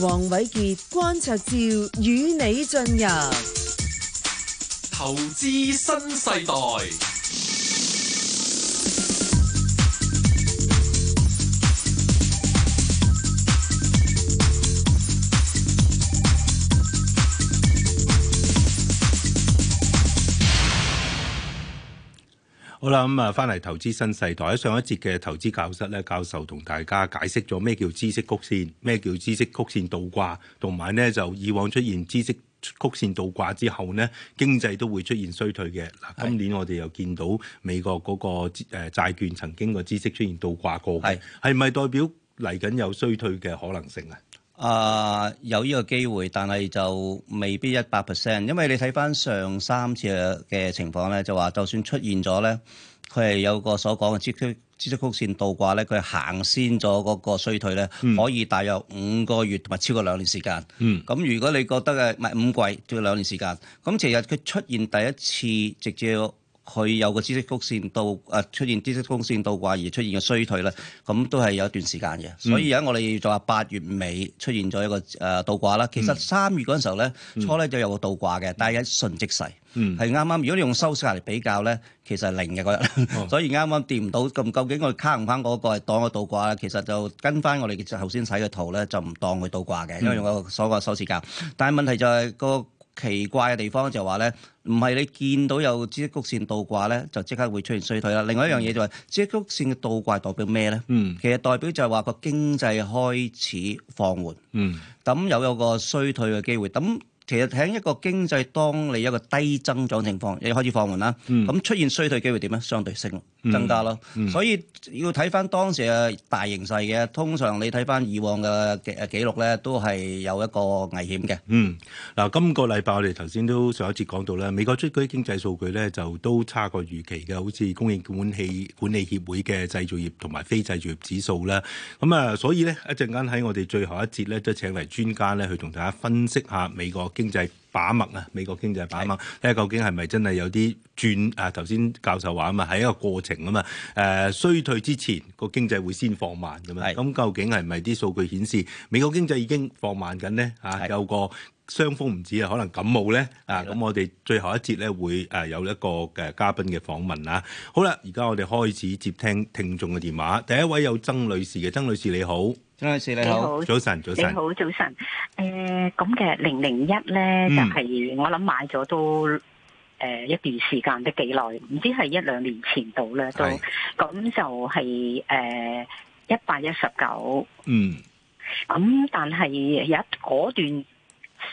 黃偉杰，關卓照與你進入投資新世代。好啦，咁啊，翻嚟投資新世代，喺上一節嘅投資教室咧，教授同大家解釋咗咩叫孳息曲線，咩叫孳息曲線倒掛，同埋咧就以往出現孳息曲線倒掛之後咧，經濟都會出現衰退嘅。嗱，今年我哋又見到美國嗰個誒債券曾經個孳息出現倒掛過，係係咪代表嚟緊有衰退嘅可能性啊？啊、呃，有呢個機會，但係就未必一百 percent，因為你睇翻上三次嘅情況咧，就話就算出現咗咧，佢係有個所講嘅孳息孳息曲線倒掛咧，佢行先咗嗰個衰退咧，嗯、可以大約五個月同埋超過兩年時間。咁、嗯、如果你覺得嘅唔係五季，超過兩年時間，咁其實佢出現第一次直接。佢有個孳息曲線倒，誒出現孳息曲線倒掛而出現嘅衰退咧，咁都係有一段時間嘅。所以而家我哋就話八月尾出現咗一個誒倒掛啦。其實三月嗰陣時候咧，初咧就有個倒掛嘅，但係一瞬即逝，係啱啱。如果你用收市價嚟比較咧，其實係零嘅嗰日，所以啱啱掂唔到。咁究竟我哋卡唔翻嗰個係當個倒掛咧？其實就跟翻我哋頭先睇嘅圖咧，就唔當佢倒掛嘅，因為用個所謂收市價。但係問題就係個。奇怪嘅地方就話咧，唔係你見到有孳息曲線倒掛咧，就即刻會出現衰退啦。另外一樣嘢就係孳息曲線嘅倒掛代表咩咧？嗯、其實代表就係話個經濟開始放緩，咁、嗯、有有個衰退嘅機會。咁其實喺一個經濟當你一個低增長情況，你開始放緩啦，咁、嗯、出現衰退機會點咧？相對升，增加咯，嗯嗯、所以要睇翻當時嘅大形勢嘅。通常你睇翻以往嘅記記錄咧，都係有一個危險嘅。嗯，嗱，今個禮拜我哋頭先都上一節講到咧，美國出居經濟數據咧就都差過預期嘅，好似工業管管理協會嘅製造業同埋非製造業指數咧。咁、嗯、啊，所以咧一陣間喺我哋最後一節咧都請嚟專家咧去同大家分析下美國經濟。把脈啊，美國經濟把脈，睇下究竟係咪真係有啲轉啊？頭先教授話啊嘛，係一個過程啊嘛。誒，衰退之前個經濟會先放慢咁樣，咁是究竟係咪啲數據顯示美國經濟已經放慢緊咧？嚇、啊，有個。傷風唔止啊，可能感冒咧啊！咁我哋最後一節咧會誒有一個嘅嘉賓嘅訪問啦！好啦，而家我哋開始接聽聽眾嘅電話。第一位有曾女士嘅，曾女士你好，曾女士你好，早晨早晨，你好早晨。誒，咁嘅零零一咧就係我諗買咗都誒一段時間，都幾耐，唔知係一兩年前到咧都。咁就係誒一百一十九。嗯。咁但係有一嗰段。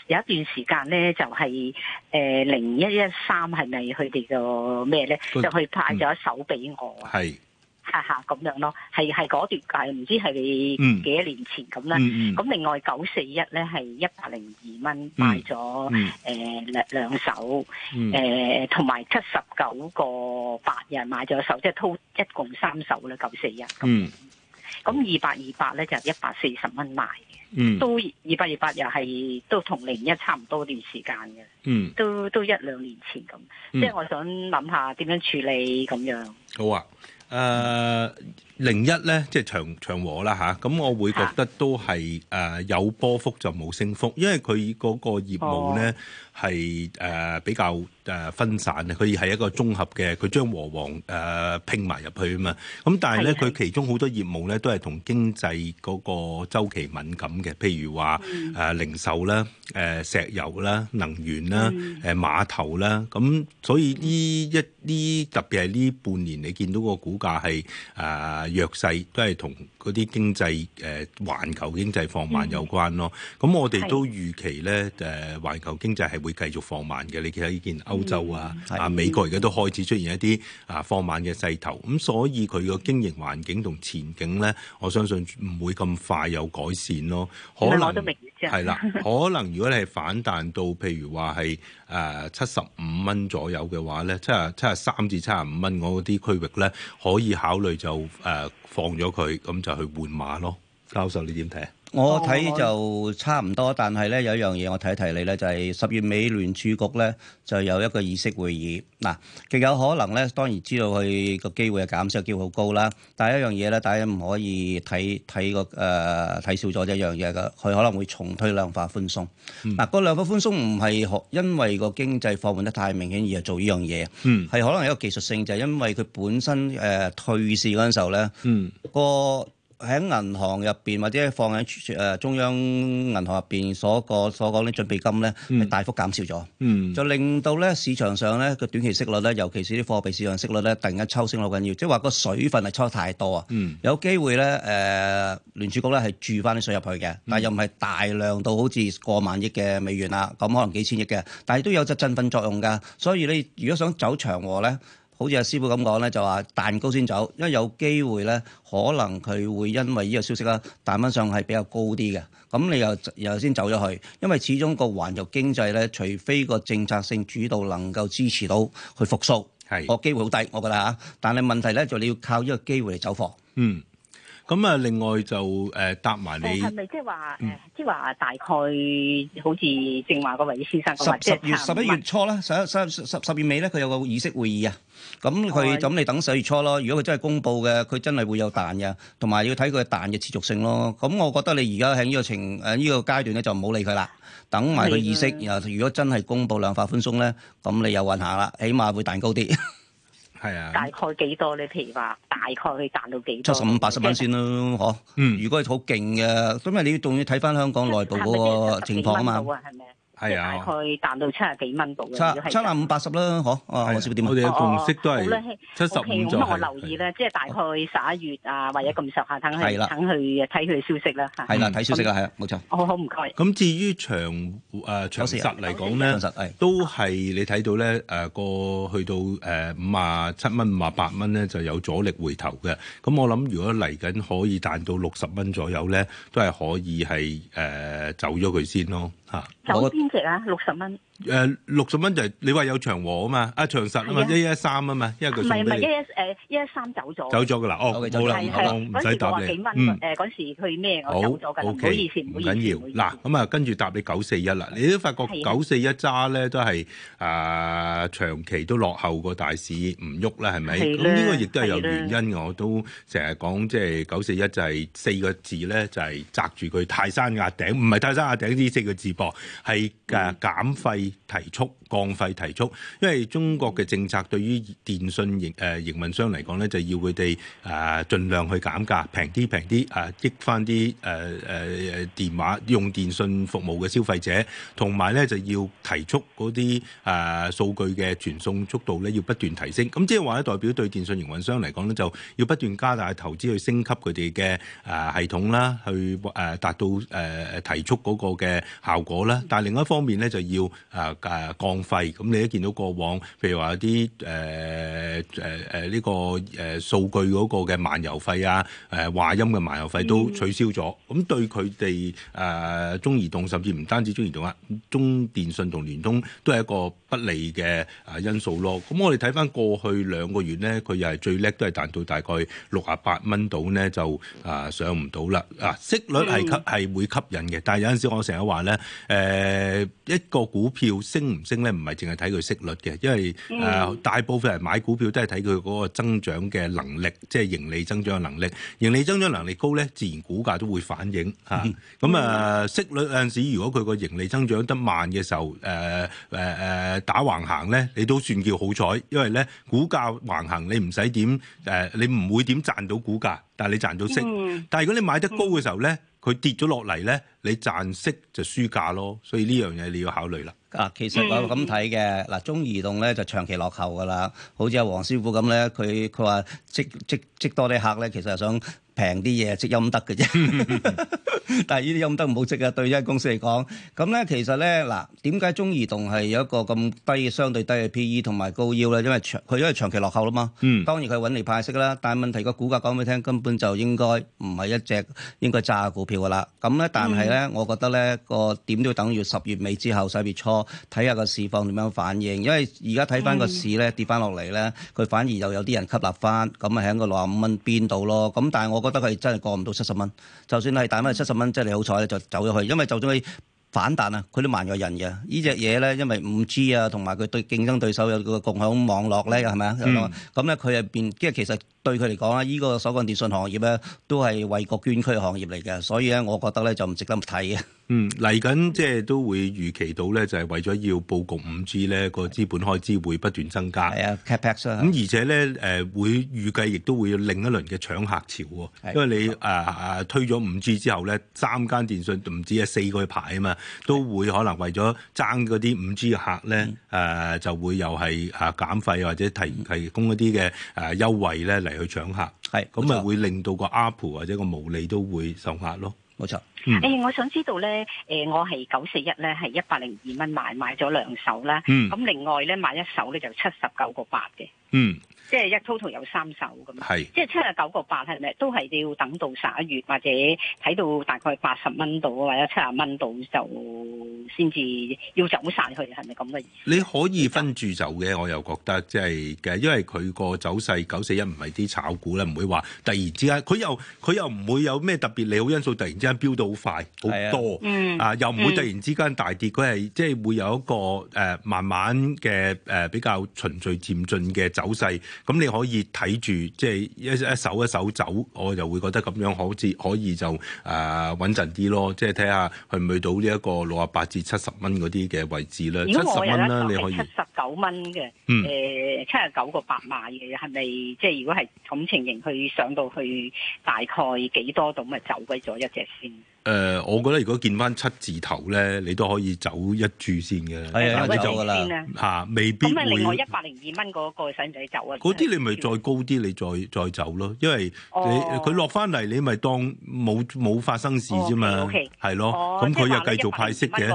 有一段時間咧，就係、是、誒、呃、零一一三係咪佢哋個咩咧？嗯、就去派咗一手俾我。係是哈哈，咁樣咯，係係嗰段誒，唔知係幾多年前咁啦。咁、嗯、另外九四一咧，係一百零二蚊買咗誒、嗯呃、兩兩手，誒同埋七十九個八人買咗一手，即係 total 一共三手啦，九四一咁。嗯。咁二百二百咧就一百四十蚊賣嘅，都二百二百又係都同零一差唔多段時間嘅，都都一兩年前咁，即係我想諗下點樣處理咁樣。好啊，誒。零一咧，01，即係長長和啦嚇，咁、啊、我會覺得都係誒、呃、有波幅就冇升幅，因為佢嗰個業務咧係誒比較誒分散咧，佢係一個綜合嘅，佢將和黃誒、呃、拼埋入去啊嘛。咁但係咧，佢是其中好多業務咧都係同經濟嗰個週期敏感嘅，譬如話誒、呃、零售啦、誒、呃、石油啦、能源啦、誒、呃、碼頭啦。咁、啊、所以呢一呢特別係呢半年你見到個股價係誒。呃弱勢都係同嗰啲經濟誒環球經濟放慢有關咯。咁、嗯、我哋都預期咧誒環球經濟係會繼續放慢嘅。你睇見歐洲啊，嗯、啊美國而家都開始出現一啲啊放慢嘅勢頭。咁、嗯、所以佢個經營環境同前景咧，我相信唔會咁快有改善咯。可能。係啦，可能如果你係反彈到譬如話係誒七十五蚊左右嘅話咧，七啊七啊三至七啊五蚊嗰啲區域咧，可以考慮就誒、呃、放咗佢，咁就去換馬咯。教授你點睇啊？我睇就差唔多，但係咧有一樣嘢，我提一提你咧，就係、是、十月尾聯儲局咧就有一個議息會議。嗱，極有可能咧，當然知道佢個機會係減少，機會好高啦。但係一樣嘢咧，大家唔可以睇睇個誒睇、呃、少咗一樣嘢嘅，佢可能會重推量化寬鬆。嗱、嗯，個量化寬鬆唔係學因為個經濟放緩得太明顯而做呢樣嘢，係、嗯、可能一個技術性，就係、是、因為佢本身誒、呃、退市嗰陣時候咧個。嗯喺銀行入邊或者放喺誒、呃、中央銀行入邊所個所講啲準備金咧，係、嗯、大幅減少咗，嗯、就令到咧市場上咧個短期息率咧，尤其是啲貨幣市場息率咧，突然間抽升好緊要，即係話個水分係抽得太多啊！嗯、有機會咧誒、呃，聯儲局咧係注返啲水入去嘅，但係又唔係大量到好似過萬億嘅美元啦，咁可能幾千億嘅，但係都有隻振奮作用㗎。所以你如果想走長和咧。好似阿師傅咁講呢，就話蛋糕先走，因為有機會呢，可能佢會因為呢個消息啦，彈幅上係比較高啲嘅。咁你又又先走咗去，因為始終個環球經濟呢，除非個政策性主導能夠支持到去復甦，個機會好低，我覺得嚇。但係問題呢，就你要靠呢個機會嚟走貨。嗯。咁啊，另外就誒答埋你，係咪即係話誒，即係話大概好似正話個位先生咁十，是十月十一月初咧，十十十十月尾咧，佢十有個議息會議啊。咁佢咁你等十月初咯。如果佢真係公布嘅，佢真係會有彈嘅，同埋要睇佢嘅彈嘅持續性咯。咁我覺得你而家喺呢個情誒呢個階段咧，就唔好理佢啦，等埋個議息。然後的如果真係公布量化寬鬆咧，咁你又運下啦，起碼會彈高啲。 大概幾多咧？譬如話，大概可以賺到幾多？七十五八十蚊先咯，嗬、啊。嗯， 如果係好勁嘅，咁為你仲要睇返香港內部嗰個情況啊嘛。 係即係大概彈到七十幾蚊到七七啊五八十啦，嗬我知點。我哋嘅共識都係七十五。咁我留意咧，即係大概十一月啊，或者咁上下，等佢等去睇佢消息啦。係啦，睇消息啦，係啊，冇錯。好好唔該。咁至於長誒長實嚟講咧，都係你睇到咧誒個去到誒五啊七蚊、五啊八蚊咧，就有阻力回頭嘅。咁我諗，如果嚟緊可以彈到六十蚊左右咧，都係可以係誒走咗佢先咯。嚇，走邊隻啊？六十蚊。 誒六十蚊就係你話有長和啊嘛，啊長實啊嘛，一一三啊嘛，因為佢唔係一一誒一一三走咗走咗㗎啦，哦好啦，唔使唔使答你。嗯，誒嗰時去咩我走咗㗎啦，唔好以前唔緊要嗱，咁啊跟住答你九四一啦，你都發覺九四一揸咧都係啊長期都落後過大市唔喐啦，係咪？咁呢個亦都係有原因。我都成日講即係九四一就係四個字咧，就係擲住佢泰山壓頂，唔係泰山壓頂呢四個字噃，係誒減費。提速降費提速，因為中國嘅政策對於電信營誒營運商嚟講咧，就要佢哋誒盡量去減價，平啲平啲誒，益翻啲誒誒誒電話用電信服務嘅消費者，同埋咧就要提速嗰啲誒數據嘅傳送速度咧，要不斷提升。咁即係話咧，代表對電信營運商嚟講咧，就要不斷加大投資去升級佢哋嘅誒系統啦，去誒達到誒誒、啊、提速嗰個嘅效果啦。但係另一方面咧，就要啊，啊！降費，咁你都見到過往，譬如話有啲誒誒誒呢個誒數據嗰個嘅漫遊費啊，誒、呃、話音嘅漫遊費都取消咗，咁、嗯、對佢哋誒中移動甚至唔單止中移動啊，中電信同聯通都係一個不利嘅誒因素咯。咁我哋睇翻過去兩個月咧，佢又係最叻，都係彈到大概六啊八蚊度咧就啊、呃、上唔到啦。啊息率係吸係會吸引嘅，但係有陣時我成日話咧誒一個股票。要升唔升咧，唔係淨係睇佢息率嘅，因為誒、呃、大部分人買股票都係睇佢嗰個增長嘅能力，即係盈利增長嘅能力。盈利增長能力高咧，自然股價都會反映吓。咁啊，啊，息率有陣時，如果佢個盈利增長得慢嘅時候，誒誒誒打橫行咧，你都算叫好彩，因為咧股價橫行你、呃，你唔使點誒，你唔會點賺到股價。但係你賺到息，但係如果你買得高嘅時候咧，佢跌咗落嚟咧，你賺息就輸價咯，所以呢樣嘢你要考慮啦。啊，其實我咁睇嘅嗱，中移動咧就長期落後噶啦，好似阿黃師傅咁咧，佢佢話積積積多啲客咧，其實係想。平啲嘢即陰德嘅啫， 但係呢啲陰德唔好，積啊！對一公司嚟講，咁咧其實咧嗱，點解中移動係有一個咁低嘅相對低嘅 P E 同埋高腰咧？因為長佢因為長期落後啦嘛，嗯，當然佢揾嚟派息啦，但係問題個股價講俾你聽，根本就應該唔係一隻應該揸嘅股票噶啦。咁咧，但係咧，嗯、我覺得咧個點都要等於十月尾之後十一月初睇下個市況點樣反應，因為而家睇翻個市咧跌翻落嚟咧，佢反而又有啲人吸納翻，咁啊喺個六啊五蚊邊度咯。咁但係我覺得佢真係過唔到七十蚊，就算係打返七十蚊，即係你好彩咧就走咗去，因為就算你反彈啊，佢都萬有人嘅。呢隻嘢咧，因為五 G 啊，同埋佢對競爭對手有個共享網絡咧，係咪啊？咁咧佢入邊即係其實。對佢嚟講啦，依、這個所講電信行業咧，都係為國捐軀行業嚟嘅，所以咧，我覺得咧就唔值得睇嘅。嗯，嚟緊即係都會預期到咧，就係為咗要佈局 5G 咧的，個資本開支會不斷增加。係啊，capex 咁而且咧，誒、呃、會預計亦都會有另一輪嘅搶客潮喎。的因為你誒誒、呃、推咗 5G 之後咧，三間電信唔止係四個牌啊嘛，都會可能為咗爭嗰啲 5G 客咧，誒的、嗯呃、就會又係誒減費或者提提供一啲嘅誒優惠咧嚟。去搶客，係咁咪，會令到個 ARPU 或者個毛利都會受壓咯，冇錯。誒、嗯欸，我想知道咧，誒，我係九四一咧，係一百零二蚊買，買咗兩手啦，咁另外咧買一手咧就七十九個八嘅。嗯即係一 total 有三手咁樣，是即係七啊九個八係咪？都係要等到十一月或者睇到大概八十蚊度或者七啊蚊度就先至要走晒去，係咪咁嘅意思？你可以分住走嘅，我又覺得即係嘅，因為佢個走勢九四一唔係啲炒股咧，唔會話突然之間，佢又佢又唔會有咩特別利好因素，突然之間飆到好快好多，啊、嗯、啊又唔會突然之間大跌，佢係、嗯、即係會有一個誒、呃、慢慢嘅誒、呃、比較循序漸進嘅走勢。咁你可以睇住，即係一一手一手走，我就會覺得咁樣好似可以就誒穩陣啲咯。即係睇下去唔去到呢一個六啊八至七十蚊嗰啲嘅位置咧，七十蚊啦，你可以七十九蚊嘅誒七十九個八買嘅，係咪即係如果係咁情形去上到去大概幾多度咪走鬼咗一隻先？誒、呃，我覺得如果見翻七字頭咧，你都可以走一注先嘅，快啲的走㗎啦嚇，未必會。咁係另外一百零二蚊嗰個細仔走啊？嗰啲你咪再高啲，你再再走咯，因為你佢落翻嚟，哦、你咪當冇冇發生事啫嘛。哦、o、okay, 係、okay. 咯，咁佢又繼續派息嘅。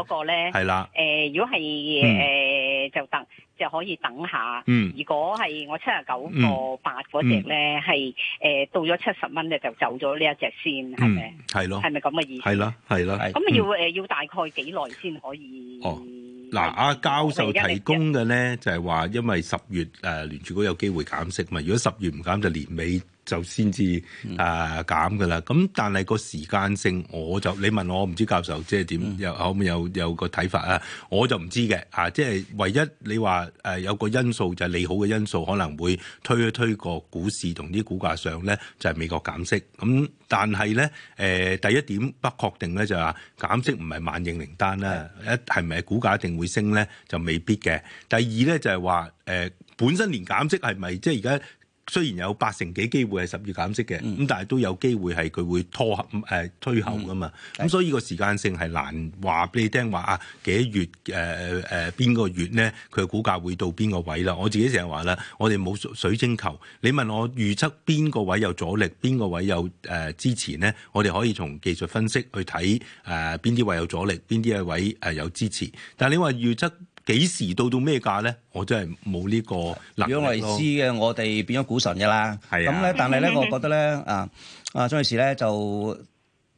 係啦，誒咯、呃，如果係誒就得。嗯就可以等下，如果係我七十九個八嗰隻咧，係誒到咗七十蚊咧就走咗呢一隻先，係咪？係咯，係咪咁嘅意思？係咯，係咯。咁要誒要大概幾耐先可以？哦，嗱，阿教授提供嘅咧就係話，因為十月誒聯儲局有機會減息嘛，如果十月唔減就年尾。就先至啊減㗎啦，咁但係個時間性我就你問我，我唔知教授即係點有可唔有有個睇法啊？我就唔知嘅啊，即係唯一你話誒、呃、有個因素就係利好嘅因素可能會推一推個股市同啲股價上咧，就係、是、美國減息。咁、嗯、但係咧誒第一點不確定咧就係話減息唔係萬應靈丹啦，一係咪股價一定會升咧就未必嘅。第二咧就係話誒本身連減息係咪即係而家？雖然有八成幾機會係十月減息嘅，咁、嗯、但係都有機會係佢會拖後、呃、推後㗎嘛，咁、嗯嗯、所以個時間性係難話俾你聽話啊幾月誒誒邊個月咧佢嘅股價會到邊個位啦？嗯、我自己成日話啦，我哋冇水晶球，你問我預測邊個位有阻力，邊個位有誒支持咧？我哋可以從技術分析去睇誒邊啲位有阻力，邊啲位誒有支持。但係你話預測？幾時到到咩價咧？我真係冇呢個諗咯。如果我哋知嘅，我哋變咗股神嘅啦。係咁咧，但係咧， 我覺得咧，啊啊，張女士咧就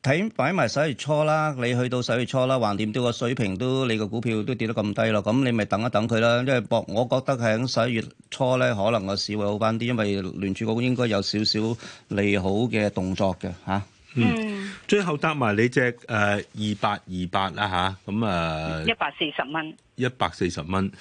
睇擺埋十一月初啦。你去到十一月初啦，橫掂跌個水平都你個股票都跌得咁低咯。咁你咪等一等佢啦，因為博。我覺得喺十一月初咧，可能個市會好返啲，因為聯儲局應該有少少利好嘅動作嘅吓。啊嗯，最後搭埋你隻誒二百二百啦吓？咁、呃、啊一百四十蚊，一百四十蚊。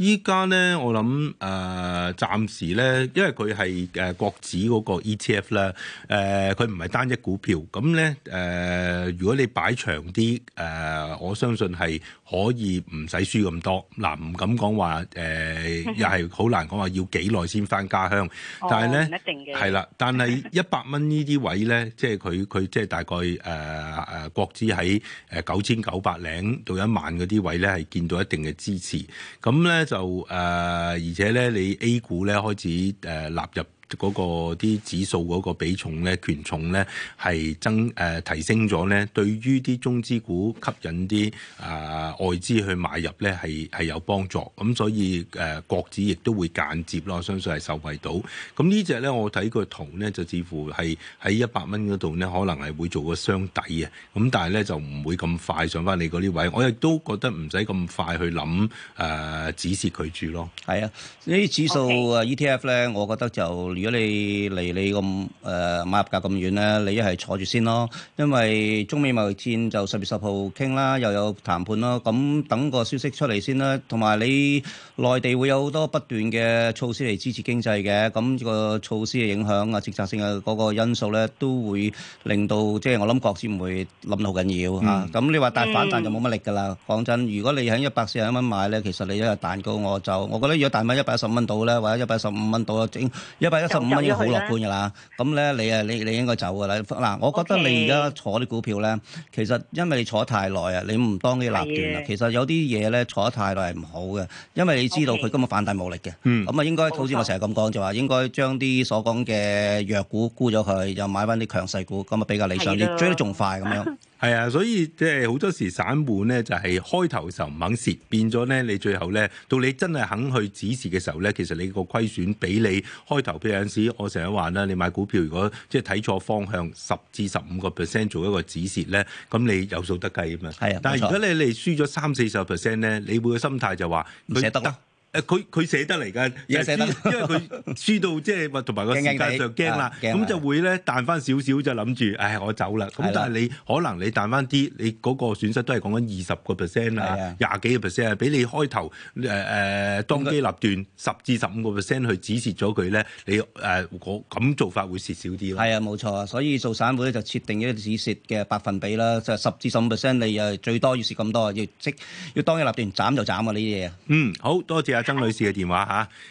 依家咧，我諗誒、呃，暫時咧，因為佢係誒國指嗰個 ETF 咧、呃，誒佢唔係單一股票，咁咧誒，如果你擺長啲誒、呃，我相信係可以唔使輸咁多。嗱、呃，唔敢講話誒，又係好難講話要幾耐先返家鄉，但係咧係啦，但係一百蚊呢啲位咧，即係佢佢即係大概誒誒、呃、國指喺誒九千九百零到一萬嗰啲位咧，係見到一定嘅支持，咁咧。就誒、呃，而且咧，你 A 股咧開始誒納、呃、入。嗰個啲指數嗰個比重咧、權重咧係增誒、呃、提升咗咧，對於啲中資股吸引啲啊、呃、外資去買入咧係係有幫助，咁所以誒、呃、國指亦都會間接咯，相信係受惠到。咁呢隻咧我睇個圖咧就似乎係喺一百蚊嗰度咧，可能係會做個雙底啊。咁但係咧就唔會咁快上返嚟嗰啲位，我亦都覺得唔使咁快去諗誒、呃、指示佢住咯。係啊，呢啲指數啊 Okay. ETF 咧，我覺得就～如果你離你咁誒買入價咁遠咧，你一係坐住先咯，因為中美貿易戰就十月十號傾啦，又有談判咯，咁等個消息出嚟先啦。同埋你內地會有好多不斷嘅措施嚟支持經濟嘅，咁個措施嘅影響啊、政策性嘅嗰個因素咧，都會令到即係我諗國指唔會諗到好緊要嚇。咁、嗯啊、你話大反彈就冇乜力噶啦。講、嗯、真，如果你喺一百四十蚊買咧，其實你一日彈高我就，我覺得如果彈到一百十蚊到咧，或者一百十五蚊到啊，整一百一。十五蚊已經好樂觀㗎啦，咁咧、嗯、你誒你你應該走㗎啦。嗱，我覺得你而家坐啲股票咧，其實因為你坐太耐啊，你唔當啲立斷啦。的其實有啲嘢咧，坐得太耐係唔好嘅，因為你知道佢今日反彈冇力嘅。嗯，咁啊應該，好似、嗯、我成日咁講就話應該將啲所講嘅弱股沽咗佢，又買翻啲強勢股，咁啊比較理想啲，的追得仲快咁樣。 係啊，所以即係好多時散戶咧，就係開頭嘅時候唔肯蝕，變咗咧你最後咧到你真係肯去止蝕嘅時候咧，其實你個虧損比你開頭譬如有陣時，我成日話啦，你買股票如果即係睇錯方向十至十五個 percent 做一個止蝕咧，咁你有數得計啊嘛。係啊，但係如果你你輸咗三四十 percent 咧，你個心態就話唔捨得。誒，佢佢寫得嚟㗎，寫得，因為佢輸到即係話同埋個時間上驚啦，咁就會咧彈翻少少就諗住，唉我走啦。咁但係你可能你彈翻啲，你嗰個損失都係講緊二十個 percent 啦，廿幾個 percent 啊，俾你開頭誒誒當機立斷十至十五個 percent 去止蝕咗佢咧，你誒我咁做法會蝕少啲咯。係啊，冇錯啊，所以做散會就設定一啲止蝕嘅百分比啦，就十至十五 percent，你誒最多要蝕咁多，要即要當機立斷斬就斬啊！呢啲嘢。嗯，好多謝。曾女士嘅電話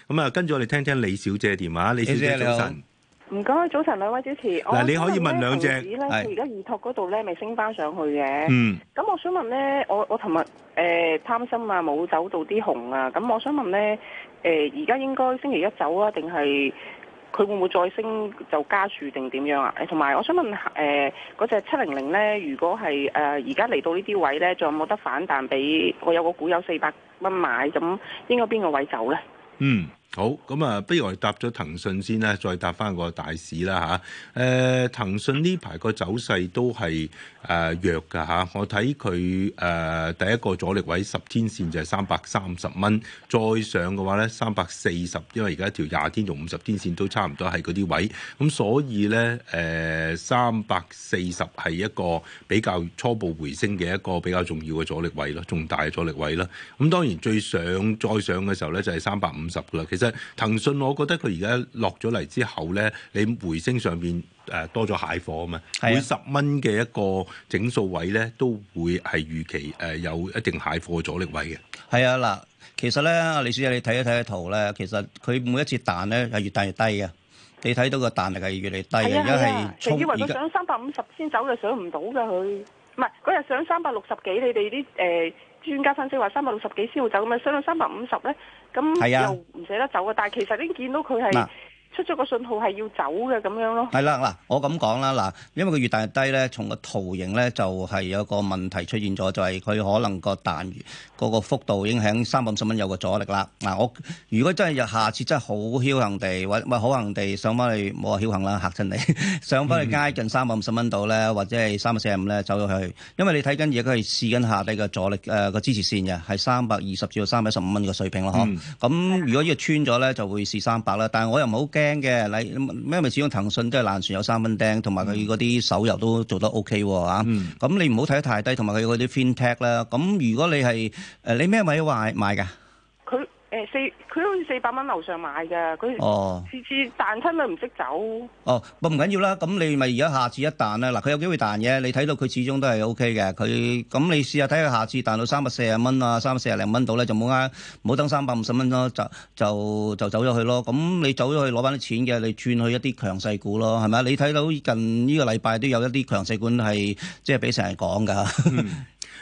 嚇，咁啊跟住我哋聽聽李小姐嘅電話。李小姐早晨，唔該早晨兩位主持。嗱，你可以問兩隻。係而家兒託嗰度咧，未升翻上去嘅。嗯。咁我想問咧，我我琴日誒貪心啊，冇走到啲紅啊，咁我想問咧，誒而家應該星期一走啊，定係？佢會唔會再升就加住定點樣啊？同埋我想問誒嗰隻七零零咧，如果係誒而家嚟到呢啲位咧，仲有冇得反彈俾我？有個股友四百蚊買，咁應該邊個位走咧？嗯。好，咁啊，不如我哋搭咗騰訊先啦，再搭翻個大市啦吓，誒、啊，騰訊呢排個走勢都係誒、呃、弱嘅吓，我睇佢誒第一個阻力位十天線就係三百三十蚊，再上嘅話咧三百四十，40，因為而家條廿天同五十天線都差唔多係嗰啲位，咁所以咧誒三百四十係一個比較初步回升嘅一個比較重要嘅阻力位咯，重大嘅阻力位啦。咁當然最上再上嘅時候咧就係三百五十嘅啦。其實騰訊，我覺得佢而家落咗嚟之後咧，你回升上邊誒、呃、多咗蟹貨啊嘛，啊每十蚊嘅一個整數位咧，都會係預期誒、呃、有一定蟹貨阻力位嘅。係啊嗱，其實咧，李小姐你睇一睇個圖咧，其實佢每一次彈咧係越彈越低，彈越低啊！啊你睇到個彈力係越嚟越低，而家係，仲以為佢上三百五十先走就上唔到㗎佢，唔係嗰日上三百六十幾，你哋啲誒。呃專家分析話，三百六十幾先會走，咁樣上到三百五十咧，咁又唔捨得走啊！但係其實已經見到佢係。出咗個信號係要走嘅咁樣咯，係啦嗱，我咁講啦嗱，因為佢越彈越低咧，從個圖形咧就係有個問題出現咗，就係佢可能個彈嗰個幅度影響三百五十蚊有個阻力啦。嗱、嗯，我如果真係下次真係好僥幸地，或或好幸地上翻去，唔好話僥幸啦，嚇親你上翻去接近三百五十蚊度咧，或者係三百四十五咧走咗去，因為你睇緊而家佢係試緊下低嘅阻力誒個支持線嘅，係三百二十至到三百十五蚊嘅水平咯，咁如果呢個穿咗咧，就會試三百啦。但係我又唔好驚。聽嘅，你咩咪始終騰訊都係爛船有三分釘，同埋佢嗰啲手遊都做得 OK 喎嚇。咁你唔好睇得太低，同埋佢嗰啲 FinTech 啦。咁如果你係誒，你咩位買買㗎？誒，四佢好似四百蚊樓上買嘅，佢次次彈親佢唔識走哦。哦，唔緊要啦，咁你咪而家下次一彈啦。嗱，佢有機會彈嘅，你睇到佢始終都係 OK 嘅。佢咁你試下睇下下次彈到三百四十蚊啊，三百四十零蚊到咧，就冇啱，冇等三百五十蚊咯，就就就，就走咗去咯。咁你走咗去攞翻，啲錢嘅，你轉去一啲強勢股咯，係咪？你睇到近呢個禮拜都有一啲強勢股係即係俾成日講噶。就是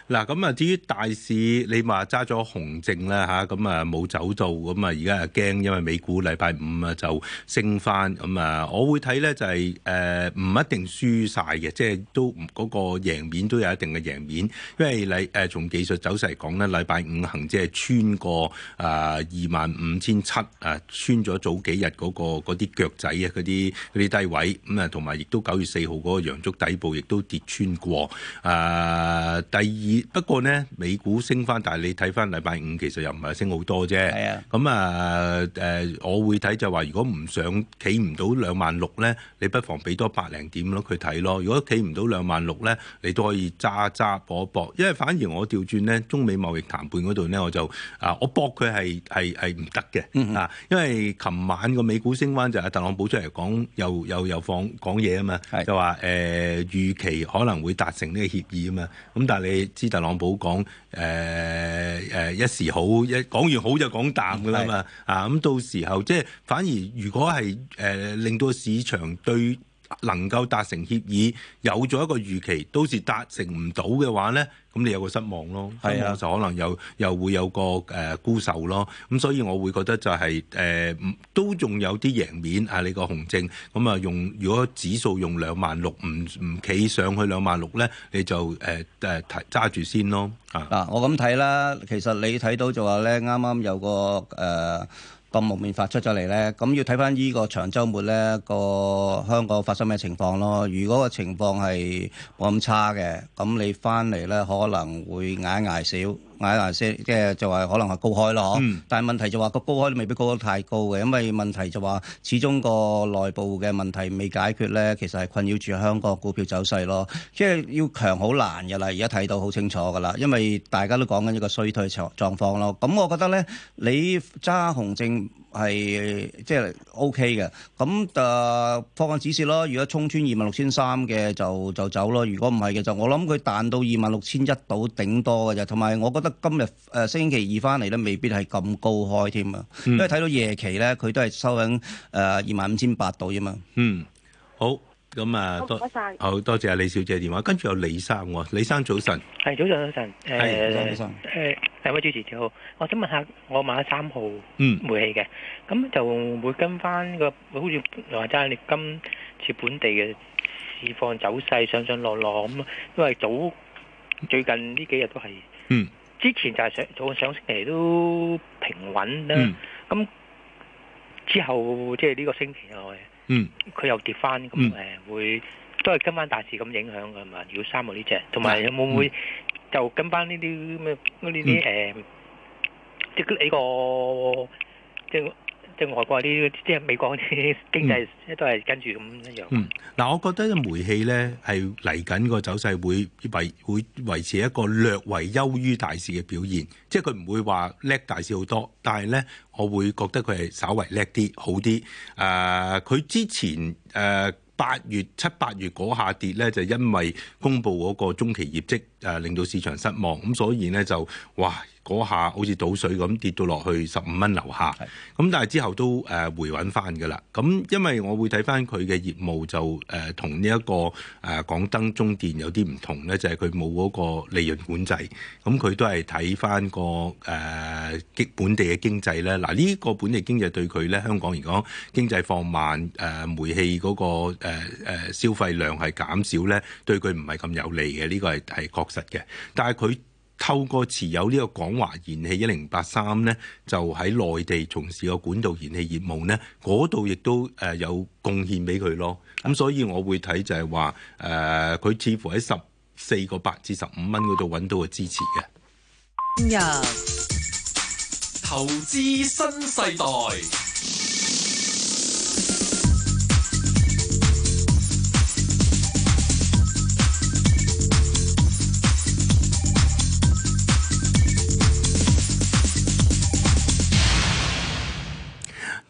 嗱，咁啊，至於大市，你話揸咗熊證啦。吓、啊，咁啊冇走到咁啊而家又驚，因為美股禮拜五啊就升翻，咁啊，我會睇咧就係誒唔一定輸晒嘅，即係都嗰、那個贏面都有一定嘅贏面，因為禮誒、啊、從技術走勢嚟講咧，禮拜五行即係穿過啊二萬五千七啊，穿咗早幾日嗰、那個嗰啲腳仔啊，嗰啲啲低位，咁啊同埋亦都九月四號嗰個陽燭底部亦都跌穿過啊，第二。不過呢，美股升翻，但係你睇翻禮拜五其實又唔係升好多啫。係啊，咁啊誒、呃，我會睇就話，如果唔想企唔到兩萬六呢，你不妨俾多百零點咯佢睇咯。如果企唔到兩萬六呢，你都可以揸揸搏一搏。因為反而我調轉呢，中美貿易談判嗰度呢，我就啊，我搏佢係係係唔得嘅啊，因為琴晚個美股升翻就係特朗普出嚟講又又又，又放講嘢啊嘛，的就話誒預期可能會達成呢個協議啊嘛，咁但係你特朗普講誒誒，一時好，一講完好就講淡噶啦嘛的啊咁到時候即係反而如果係誒、呃、令到市場對。能夠達成協議，有咗一個預期，到時達成唔到嘅話呢，咁你有個失望咯，咁就可能又的又會有個誒沽售咯。咁、呃呃呃呃、所以我會覺得就係、是、誒、呃，都仲有啲贏面啊！你個紅證咁啊，用如果指數用兩萬六，唔唔企上去兩萬六呢，你就誒誒揸住先咯。啊，我咁睇啦，其實你睇到就話呢，啱啱有個誒。呃當蒙面法出咗嚟咧，咁要睇翻呢個長週末咧個香港發生咩情況咯。如果個情況係冇咁差嘅，咁你翻嚟咧可能會捱捱少。嗌啦，即即係就話可能係高開咯。嗯、但係問題就話個高開都未必高得太高嘅，因為問題就話始終個內部嘅問題未解決咧，其實係困擾住香港股票走勢咯。即係要強好難嘅啦，而家睇到好清楚噶啦，因為大家都講緊一個衰退狀狀況咯。咁我覺得咧，你揸紅證。係即係 OK 嘅，咁誒、呃、放緊指示咯。如果衝穿二萬六千三嘅就就走咯。如果唔係嘅就我諗佢彈到二萬六千一到頂多嘅啫。同埋我覺得今日誒、呃、星期二翻嚟咧，未必係咁高開添啊。因為睇到夜期咧，佢都係收緊誒二萬五千八度啫嘛。呃、25, 嗯，好。咁啊，多唔該曬好多謝阿李小姐電話。跟住有李生，李生早晨，係早晨早晨，係是早晨早晨。誒、呃，位、呃呃、主持你好，我想問下，我問下三號煤氣嘅，咁、嗯、就會跟翻個好似你話齋你今次本地嘅市況走勢上上落落咁，因為早最近呢幾日都係，嗯、之前就係上上星期都平穩啦，咁、嗯嗯、之後即係呢個星期內。嗯，佢又跌返咁，誒會都係今晚大市咁影響㗎嘛？如果三號呢隻，同埋有冇會就跟返呢啲咩呢啲誒，即係呢、這個即係。這個即係外國啲，即係美國啲經濟、嗯、都係跟住咁一樣。嗱、嗯，我覺得煤氣咧係嚟緊個走勢會維會維持一個略為優於大市嘅表現，即係佢唔會話叻大市好多，但係咧，我會覺得佢係稍為叻啲好啲。誒、呃，佢之前誒八、呃、月七八月嗰下跌咧，就因為公布嗰個中期業績。誒、啊、令到市場失望，咁、嗯、所以呢，就哇嗰下好似倒水咁跌到落去十五蚊樓下，咁、嗯、但係之後都誒、啊、回穩翻㗎啦。咁、嗯、因為我會睇翻佢嘅業務就誒同呢一個誒港、啊、燈中電有啲唔同呢，就係佢冇嗰個利潤管制，咁、嗯、佢都係睇翻個誒、啊、本地嘅經濟呢嗱呢、啊這個本地經濟對佢呢，香港而講經濟放慢，誒、啊、煤氣嗰、那個誒、啊、消費量係減少呢，對佢唔係咁有利嘅。呢、這個係係確實嘅，但係佢透過持有個廣華呢個廣華燃氣一零八三呢，就喺內地從事個管道燃氣業務呢，嗰度亦都誒有貢獻俾佢咯。咁所以我會睇就係話誒，佢、呃、似乎喺十四個八至十五蚊嗰度揾到個支持嘅。投資新世代。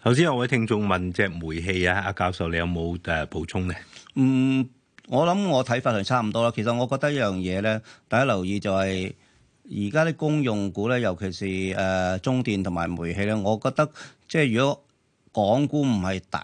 頭先有位聽眾問隻煤氣啊，阿教授你有冇誒補充咧？嗯，我諗我睇法係差唔多啦。其實我覺得一樣嘢咧大家留意就係而家啲公用股咧，尤其是誒、呃、中電同埋煤氣咧，我覺得即係如果港股唔係大，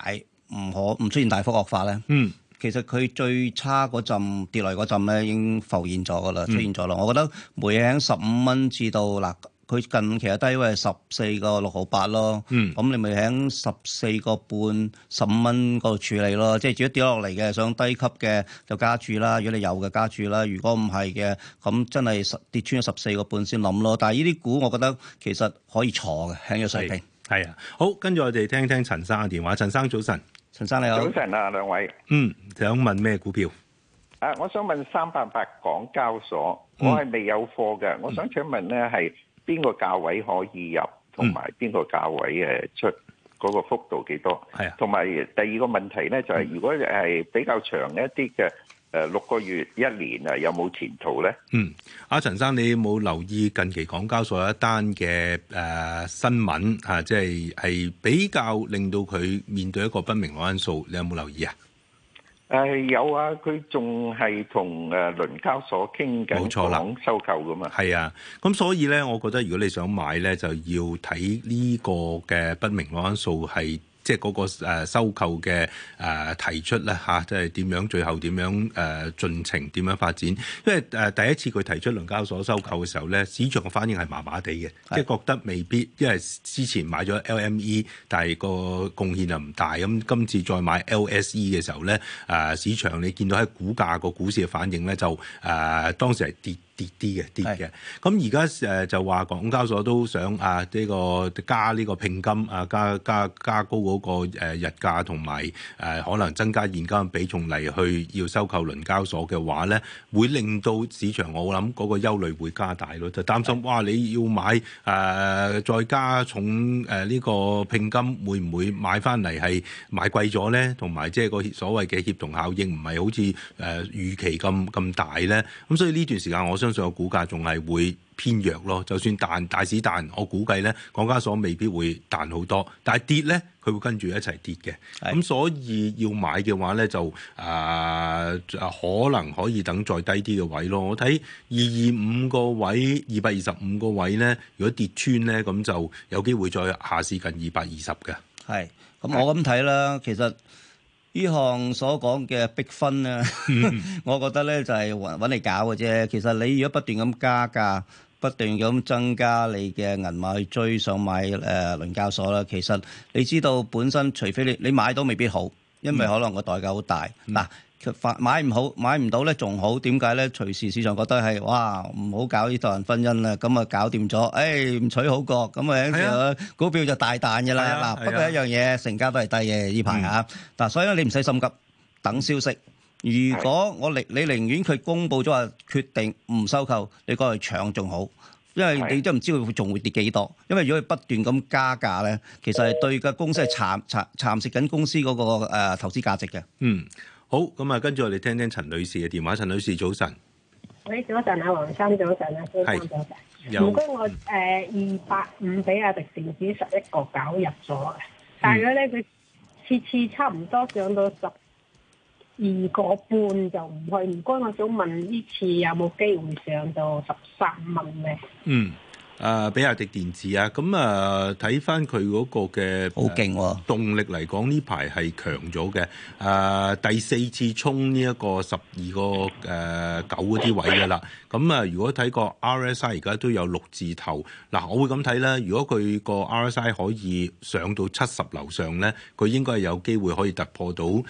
唔可唔出現大幅惡化咧。嗯。其實佢最差嗰陣跌落嚟嗰陣咧，已經浮現咗噶啦，出現咗啦。嗯、我覺得煤氣喺十五蚊至到啦。佢近期嘅低位係十四個六毫八咯，咁你咪喺十四個半十五蚊嗰度處理咯。即係如果跌落嚟嘅，想低級嘅就加注啦，如果你有嘅加注啦。如果唔係嘅，咁真係跌穿咗十四個半先諗咯。但係呢啲股，我覺得其實可以坐嘅，響個水平，係啊，好，跟住我哋聽聽陳生嘅電話。陳生早晨，陳生你好，早晨啊，兩位。嗯，想問咩股票？啊，我想問三八八港交所，我係未有貨嘅，嗯、我想請問咧係、嗯。邊個價位可以入，同埋邊個價位誒出，嗰個幅度幾多？係啊、嗯，同埋第二個問題咧、就係，就係、嗯、如果誒比較長一啲嘅誒六個月、一年啊，有冇前途咧？嗯，阿陳生，你有冇留意近期港交所一單嘅誒新聞啊？即係係比較令到佢面對一個不明朗因素，你有冇留意啊？誒有啊，佢仲係同誒倫交所傾緊講收購噶嘛。係啊，咁所以咧，我覺得如果你想買咧，就要睇呢個嘅不明朗因素係。即係嗰個收購嘅誒提出咧嚇，即係點樣最後點樣誒、啊、進程點樣發展？因為誒第一次佢提出倫交所收購嘅時候咧，市場嘅反應係麻麻地嘅，的即係覺得未必，因為之前買咗 LME，但係個貢獻又唔大，咁今次再買 LSE 嘅時候咧，誒、啊、市場你見到喺股價個股市嘅反應咧，就、啊、誒當時係跌。跌啲嘅，跌嘅。咁而家誒就話港交所都想啊呢、這個加呢個聘金啊加加加高嗰個誒日價同埋誒可能增加現金比重嚟去要收購倫交所嘅話咧，會令到市場我諗嗰個憂慮會加大咯，就擔心是哇你要買誒、啊、再加重誒呢個聘金會唔會買翻嚟係買貴咗咧？同埋即係個所謂嘅協同效應唔係好似誒預期咁咁大咧？咁所以呢段時間我。相信個股價仲係會偏弱咯，就算彈大市彈，我估計咧，港交所未必會彈好多。但係跌咧，佢會跟住一齊跌嘅。咁是所以要買嘅話咧，就、呃、啊可能可以等再低啲嘅位咯。我睇二二五個位，二百二十五個位咧，如果跌穿咧，咁就有機會再下市近二百二十嘅。係，咁我咁睇啦，其實。呢項所講嘅逼分咧，我覺得咧就係、是、揾你搞嘅啫。其實你如果不斷咁加價，不斷咁增加你嘅銀碼去追，上買誒倫、呃、交所啦。其實你知道本身，除非你你買到未必好，因為可能個代價好大。嗱、嗯。發買唔好買唔到咧，仲好點解咧？隨時市場覺得係哇，唔好搞呢段婚姻啦，咁啊搞掂咗，誒唔娶好過，咁啊股票就大彈嘅啦。嗱，不過一樣嘢，成交都係低嘅呢排啊。嗱，所以咧你唔使心急，等消息。如果我寧你寧願佢公布咗話決定唔收購，你過去搶仲好，因為你都唔知佢會仲會跌幾多。因為如果佢不斷咁加價咧，其實係對嘅公司係蠶蠶蠶食緊公司嗰個誒投資價值嘅。嗯。好，咁啊，跟住我哋聽聽陳女士嘅電話。陳女士，早晨。喂，早晨啊，黃生，早晨啊，早晨。唔該，我誒二百五比亞迪電子十一個九入咗，但係咧，佢次次差唔多上到十二個半就唔去。唔該，我想問呢次有冇機會上到十三蚊咧？嗯。誒、呃，比亞迪電池啊，咁、呃、啊，睇翻佢嗰個嘅好勁喎，動力嚟講，呢排係強咗嘅。誒、啊，第四次衝呢一個十二個誒九嗰啲位嘅啦。咁 啊，如果睇個 RSI 而家都有六字頭，嗱、啊，我會咁睇啦。如果佢個 RSI 可以上到七十樓上咧，佢應該係有機會可以突破到誒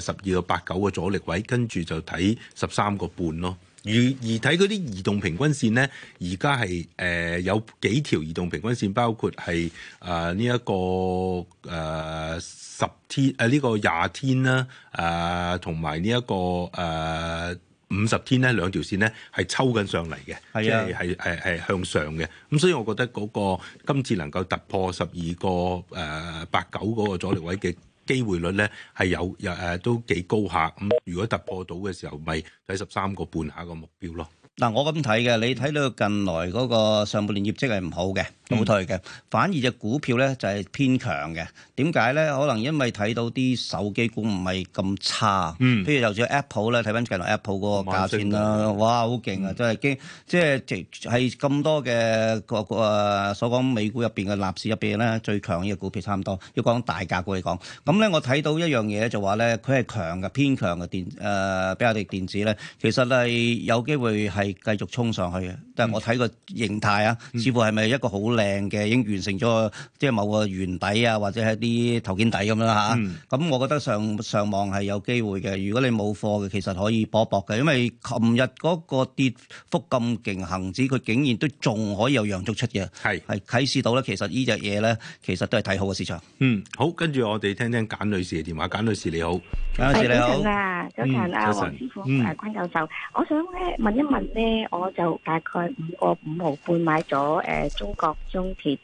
十二個八九個阻力位，跟住就睇十三個半咯。而而睇嗰啲移動平均線咧，而家係誒有幾條移動平均線，包括係啊呢一個誒、呃、十天誒呢、呃呢個廿天啦，誒同埋呢一個誒五十天咧兩條線咧係抽緊上嚟嘅，啊、即係係係係向上嘅。咁、嗯、所以我覺得嗰、嗰個今次能夠突破十二個誒八九嗰個阻力位嘅。機會率咧係有，誒、呃、都幾高下。咁如果突破到嘅時候，咪喺十三個半下個目標咯。嗱，我咁睇嘅，你睇到近來嗰個上半年業績係唔好嘅，倒退嘅，反而隻股票咧就係、是、偏強嘅。點解咧？可能因為睇到啲手機股唔係咁差，譬、嗯、如就算 Apple 咧，睇翻近來 Apple 嗰個價錢啦、啊，哇，好勁啊！真係經即係即係咁多嘅個個所講美股入邊嘅納市入邊咧，最強呢個股票差唔多。要講大價股嚟講，咁咧我睇到一樣嘢就話咧，佢係強嘅，偏強嘅電誒、呃、比亞迪電子咧，其實係有機會係。繼續衝上去嘅，但係我睇個形態啊，似乎係咪一個好靚嘅已經完成咗，即係某個圓底啊，或者係啲頭肩底咁樣啦嚇。咁我覺得上上望係有機會嘅。如果你冇貨嘅，其實可以搏搏嘅，因為琴日嗰個跌幅咁勁，恆指佢竟然都仲可以有陽燭出嘅，係係啟示到咧。其實依隻嘢咧，其實都係睇好嘅市場。嗯，好，跟住我哋聽聽簡女士嘅電話。簡女士你好，簡女士你好。早晨啊，早晨啊，黃師傅啊，關教授，我想咧問一問。咧我就大概五個五毫半買咗誒、呃、中國中鐵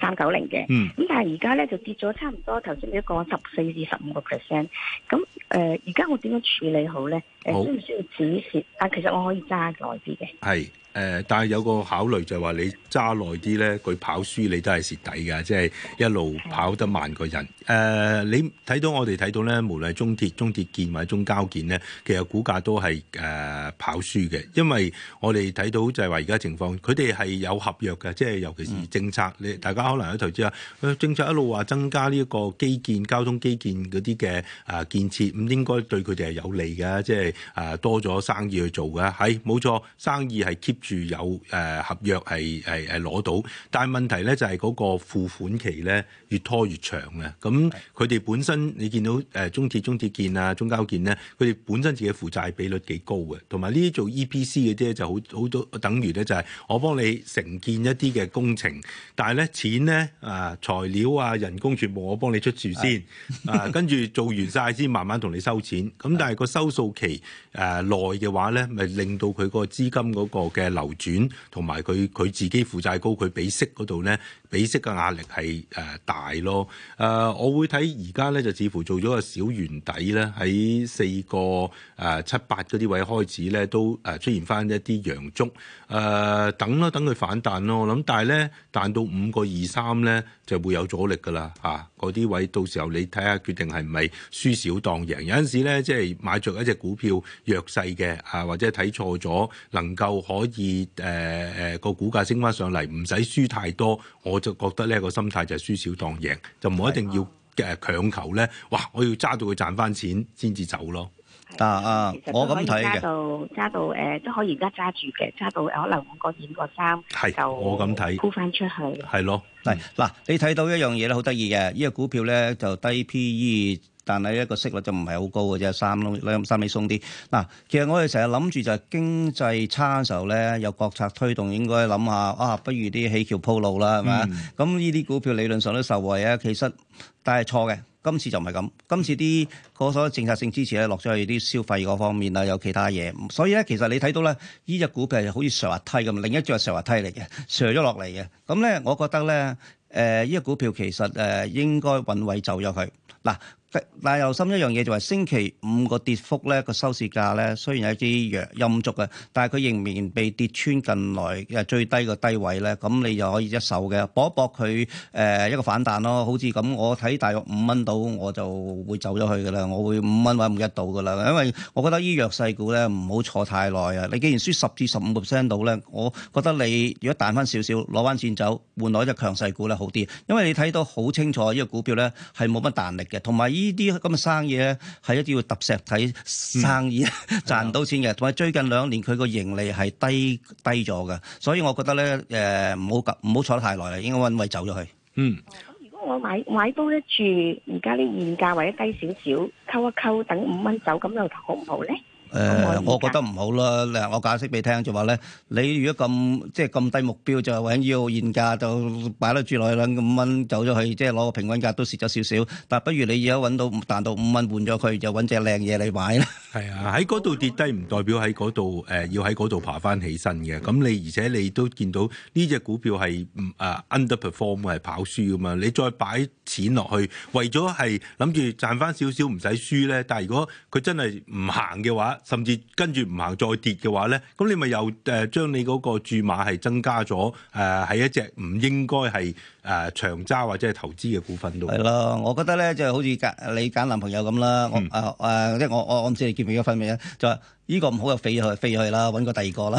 三九零嘅，咁、嗯嗯、但係而家咧就跌咗差唔多，頭先你講十四至十五個 percent，咁誒而家我點樣處理好咧？需唔需要止蝕？但其實我可以揸耐啲嘅。係誒，但係有個考慮就係話你揸耐啲咧，佢跑輸你都係蝕底嘅，即、就、係、是、一路跑得慢個人。誒、呃，你睇到我哋睇到咧，無論係中鐵、中鐵建或者中交建咧，其實股價都係誒、呃、跑輸嘅，因為我哋睇到就係話而家情況，佢哋係有合約嘅，即係尤其是政策，嗯、你大家可能喺投資啊，誒政策一路話增加呢一個基建、交通基建嗰啲嘅誒建設，咁、嗯、應該對佢哋係有利嘅，即係。誒、啊、多咗生意去做嘅係冇錯，生意係 keep 住有誒、呃、合約係係係攞到，但係問題咧就係、是、嗰個付款期咧越拖越長嘅。咁佢哋本身你見到誒、呃、中鐵、中鐵建啊、中交建咧、啊，佢哋本身自己負債比率幾高嘅，同埋呢啲做 EPC 嘅啫，就好好多，等於咧就係、是、我幫你承建一啲嘅工程，但係咧錢咧啊材料啊人工全部我幫你出住先， 啊跟住做完晒先慢慢同你收錢。咁但係個收數期誒，耐嘅、呃、話咧，咪令到佢個資金嗰個嘅流轉，同埋佢佢自己負債高，佢俾息嗰度咧。比息嘅壓力係誒大咯，誒、呃、我會睇而家咧，就似乎做咗個小圓底咧，喺四個誒七八嗰啲位開始咧都誒出現翻一啲陽燭，誒等咯，等佢反彈咯。我諗，但係咧彈到五個二三咧就會有阻力㗎啦吓，嗰、啊、啲位到時候你睇下決定係咪輸少當贏。有陣時咧即係買着一隻股票弱勢嘅啊，或者睇錯咗能夠可以誒誒個股價升翻上嚟，唔使輸太多我。我就覺得呢個心態就係輸少當贏，就唔一定要誒強求咧。哇！我要揸到佢賺翻錢先至走咯。啊啊，我咁睇嘅。而揸 到誒、呃，都可以而家揸住嘅，揸到可能五個點個三。係。就我咁睇。沽翻出去。係咯。嗱嗱、嗯，你睇到一樣嘢咧，好得意嘅，呢個股票咧就低 P E。但係一個息率就唔係好高嘅啫，三攞三釐鬆啲嗱。其實我哋成日諗住就係經濟差嘅時候咧，有國策推動，應該諗下啊，不如啲起橋鋪路啦，係咪啊？咁呢啲股票理論上都受惠啊。其實但係錯嘅，今次就唔係咁。今次啲嗰所政策性支持咧落咗去啲消費嗰方面啦，有其他嘢，所以咧其實你睇到咧呢隻股票係好似上滑梯咁，另一隻係上滑梯嚟嘅，上咗落嚟嘅。咁咧，我覺得咧誒呢隻股票其實誒應該揾位就咗佢。 嗱。但又深一樣嘢就係星期五個跌幅咧，個收市價咧雖然有啲弱陰燭嘅，但係佢仍然被跌穿近來嘅最低個低位咧，咁你就可以一手嘅，搏一搏佢誒一個反彈咯。好似咁，我睇大約五蚊到，我就會走咗去嘅啦。我會五蚊或者五一度嘅啦，因為我覺得醫藥細股咧唔好坐太耐啊。你既然輸十至十五個 percent 到咧，我覺得你如果彈翻少少，攞翻線走，換攞隻強勢股咧好啲，因為你睇到好清楚呢、呢個股票咧係冇乜彈力嘅，同埋。呢啲咁嘅生意咧，係一定要揼石睇生意、嗯， 賺唔到錢嘅。同埋最近兩年佢個盈利係低低咗嘅，所以我覺得咧，誒唔好唔好坐得太耐啦，應該搵位走咗去。嗯，咁如果我買買多一注，而家啲現價或者低少少，溝一溝等五蚊走，咁又好唔好咧？誒，我覺得唔好啦。誒，我解釋俾你聽就話咧，你如果咁即係咁低目標，就係想要現價就擺得住落去啦。五蚊走咗去，即係攞個平均價都蝕咗少少。但係不如你而家揾到彈到五蚊換咗佢，就揾隻靚嘢嚟買啦。係啊，喺嗰度跌低唔代表喺嗰度誒要喺嗰度爬翻起身嘅。咁你而且你都見到呢隻、這個、股票係唔啊、uh, underperform 嘅係跑輸啊嘛。你再擺錢落去，為咗係諗住賺翻少少唔使輸咧。但係如果佢真係唔行嘅話，甚至跟住唔行再跌嘅話咧，咁你咪又誒將你嗰個注碼係增加咗誒，係一隻唔應該係誒長揸或者係投資嘅股份咯。係咯，我覺得咧就係好似揀你揀男朋友咁啦，我誒誒即係我我唔知你結咗婚未咧就依個唔好就飛去飛去啦，揾個第二個啦。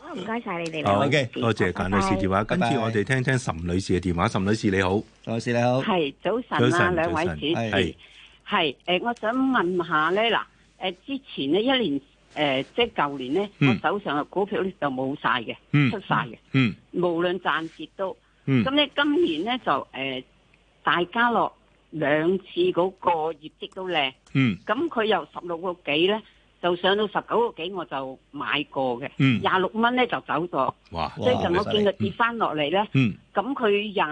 好啊，唔該晒你哋。好 OK，多謝簡女士電話。跟住我哋聽聽岑女士嘅電話。岑女士你好，岑女士你好，係早晨啊兩位主持，係誒我想問下咧嗱。誒之前咧一年，誒、呃、即係舊年咧，嗯、我手上嘅股票咧就冇晒嘅，出晒嘅，無論賺蝕都。咁咧、嗯、今年咧就誒、呃，大家樂兩次嗰個業績都靚，咁佢、嗯、由十六個幾咧就上到十九個幾，我就買過嘅，廿六蚊咧就走咗，即最近我見佢跌翻落嚟咧，咁佢廿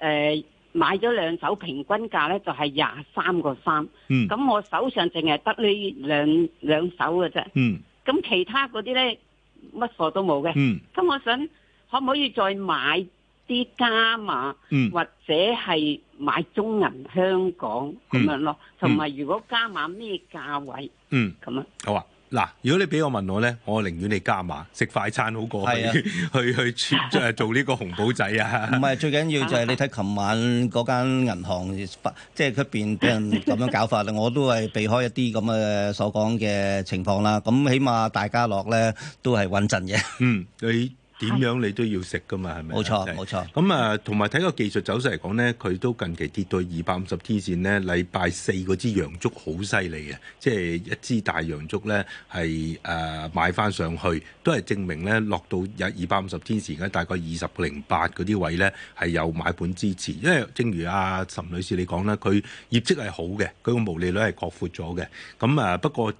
誒。買咗兩手平均價呢，就係廿三個三。咁我手上淨係得呢兩兩手嘅啫。咁、嗯、其他嗰啲呢，乜貨都冇嘅。咁、嗯、我想可唔可以再買啲加碼，嗯、或者係買中銀香港咁、嗯、樣咯？同埋如果加碼咩價位？咁啊、嗯，樣好啊。嗱、啊，如果你俾我問我咧，我寧願你加碼食快餐好過去是、啊、去去即係做呢個紅寶仔啊！唔係最緊要就係你睇琴晚嗰間銀行發，即係出邊俾人咁樣搞法啦， 我都係避開一啲咁嘅所講嘅情況啦。咁起碼大家樂咧都係穩陣嘅。嗯。你。點樣你都要食噶嘛，係咪？冇錯，冇是錯。咁啊，同埋睇個技術走勢嚟講咧，佢都近期跌到二百五十天線咧。禮拜四嗰支陽燭好犀利嘅，即係一支大陽燭咧，係、呃、誒買翻上去，都係證明咧落到有二百五十天線而家大概二十零八嗰啲位咧，係有買盤支持。因為正如阿、啊、岑女士你講咧，佢業績係好嘅，佢個毛利率係擴闊咗嘅。咁啊，不過誒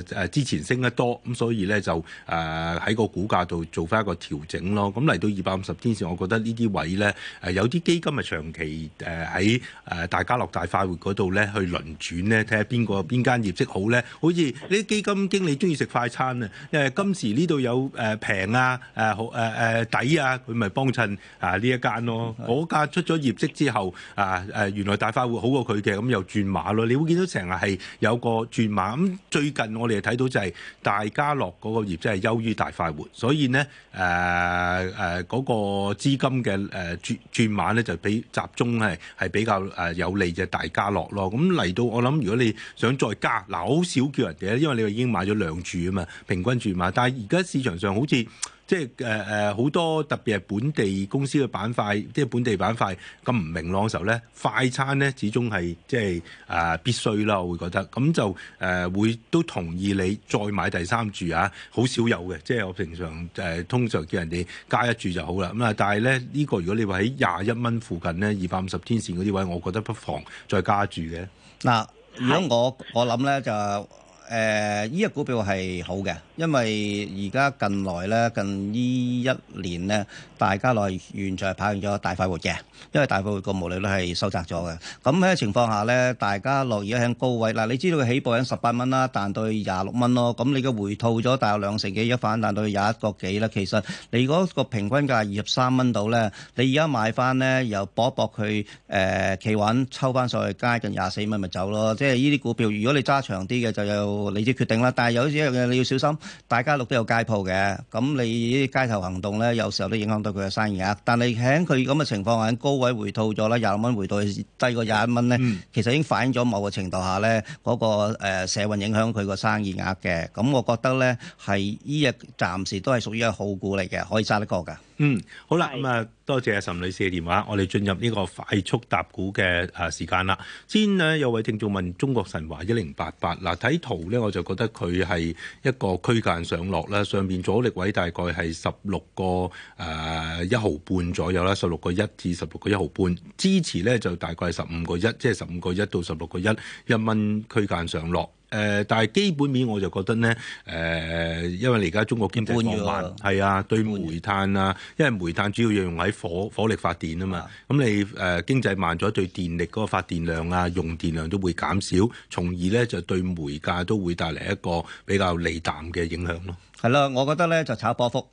誒、呃、之前升得多，咁所以咧就誒喺、呃、個股價度做翻一個。調整咯，咁嚟到二百五十天線，我覺得呢啲位咧，誒有啲基金啊長期誒喺誒大家樂大快活嗰度咧去輪轉咧，睇下邊個邊間業績好咧。好似啲基金經理中意食快餐啊，因為誒今時呢度有誒平啊，誒好誒誒抵啊，佢咪幫襯啊呢一間咯。嗰間的出咗業績之後啊誒、啊、原來大快活好過佢嘅，咁又轉馬咯。你會見到成日係有個轉馬，咁最近我哋睇到就係大家樂嗰個業績係優於大快活，所以咧誒。啊誒誒嗰個資金嘅誒、啊、轉轉碼咧，就比集中係係比較誒有利嘅、就是、大家樂咯。咁嚟到我諗，如果你想再加，嗱、啊、好少叫人哋咧，因為你已經買咗兩注啊嘛，平均轉碼。但係而家市場上好似。即係誒誒好多特別係本地公司嘅板塊，即係本地板塊咁唔明朗嘅時候咧，快餐咧始終係即係誒、呃、必須啦，我會覺得咁就誒、呃、會都同意你再買第三注啊，好少有嘅，即係我平常誒、呃、通常叫人哋加一注就好啦。咁啊，但係咧呢個如果你話喺廿一蚊附近咧二百五十天線嗰啲位，我覺得不妨再加注嘅。嗱、啊，如果我我諗咧就誒呢、呃、一股票係好嘅。因為而家近來咧，近呢一年咧，大家樂完全係跑完咗大快活嘅，因為大快活個毛利率係收窄咗嘅。咁喺情況下咧，大家樂而家向高位。嗱，你知道佢起步喺十八蚊啦，彈到廿六蚊咯。咁你嘅回吐咗大約兩成幾，一反彈到去廿一個幾啦。其實你嗰個平均價二十三蚊到咧，你而家買翻咧又搏一搏佢誒企穩，抽翻上去加近廿四蚊咪走咯。即係呢啲股票，如果你揸長啲嘅，就由你自己決定啦。但係有一樣嘢你要小心。大家樂都有街鋪嘅，咁你啲街頭行動咧，有時候都影響到佢嘅生意額。但係喺佢咁嘅情況下，高位回吐咗啦，廿蚊回吐低過廿一蚊咧，嗯、其實已經反映咗某個程度下咧，嗰、個社運影響佢個生意額嘅。咁我覺得咧，係呢日暫時都係屬於一個好股嚟嘅，可以揸得過㗎。嗯，好啦，咁啊是、嗯，多謝阿岑女士嘅電話。我哋進入呢個快速踏股嘅啊時間啦。先呢，有位聽眾問中國神華一零八八嗱，睇圖呢，我就覺得佢係一個區間上落啦。上邊阻力位大概係十六個誒呃、一毫半左右啦，十六個一至十六個一毫半。支持呢，就大概十五個一，即係十五個一到十六個一。一蚊區間上落。誒、呃，但係基本面我就覺得呢，誒、呃，因為而家中國經濟放慢，係啊，對煤炭啊，因為煤炭主要要用喺火火力發電啊嘛，咁的你誒、呃、經濟慢咗，對電力嗰個發電量啊、用電量都會減少，從而呢就對煤價都會帶嚟一個比較利淡嘅影響咯。係啦，我覺得呢就炒波幅，